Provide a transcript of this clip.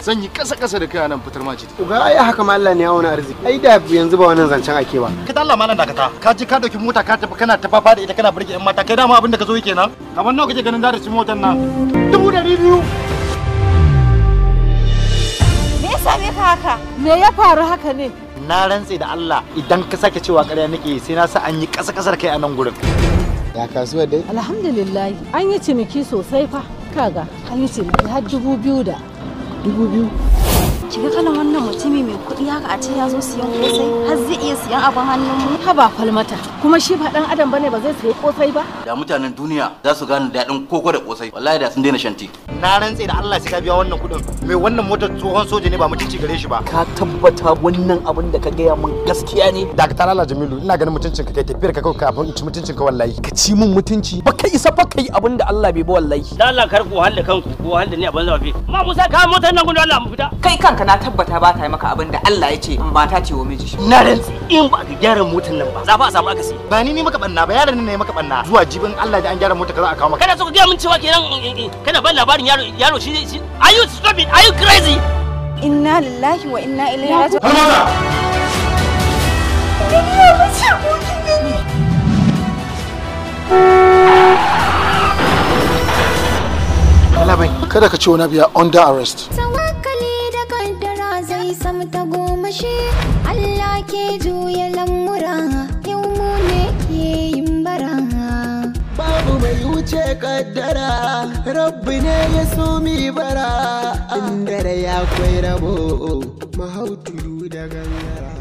zan yi kasa kasa da kai nan fitar maji. Ga uga ai haka ma Allah ne ya wani arziki ai da yanzu ba wannan zancen ake ba ka dalla malam dakata ka ji ka dauki mota ka tafi kana tafafa da ita kana burge yan mata kai dama abin da ka zo yake nan kamar nawa kake ganin darasin motar nan dubu da biyu me ya ne ka haka me ya faru haka ne na rantse da Allah idan ka sake cewa ƙarya nake sai na sa an yi kasa kasar kai a nan gurin ya kasuwa dai alhamdulillah an yi ciniki sosai fa kaga an yi ciniki har dubu biyu da Digo yo. ki kana kalan wannan mutumi mai kuɗi haka a ce ya zo siyan kosai har zai iya siyan abin hannun mu ha ba falmata kuma shi ba dan adam bane ba zai siya kosai ba da mutanen duniya za su gane daɗin koko da kosai wallahi da sun daina shanti na rantse da Allah sai ka biya wannan kuɗin mai wannan motar tsohon soja ne ba cici gare shi ba ka tabbata wannan abin da ka gaya min gaskiya ne ka tarala Jamilu ina ganin mutuncin ka kai tafiyar ka kai kafin in ci mutuncin ka wallahi ka ci min mutunci ba ka isa ba kai abin da Allah bai ba wallahi da Allah kar ku halle kanku ko halle ne a banza ba ma Musa ka motar nan gudu Allah mu fita kai kanka ka na tabbata ba ta yi maka abin da Allah ya ce mata ce wa miji. Na rantsi in ba ka gyara motar nan ba. Za ba a samu akasi. Ba ni ne maka banna ba yaron ne maka banna. Zuwa jibin Allah da an gyara motar ka za a kawo maka. Kana so ka gaya min cewa kenan eh, eh, eh, kana ban labarin yaro yaro shi shi. Are you stupid? Are you crazy? Inna lillahi wa inna ilaihi raji'un. Halmata. ba ce Kada ka ce wani biya under arrest. mai samta goma shi Allah ke juya lamura yau mu ne ke yin bara babu mai wuce kaddara rabbi ne ya so mi bara an dare ya kwai rabo mahau da gangara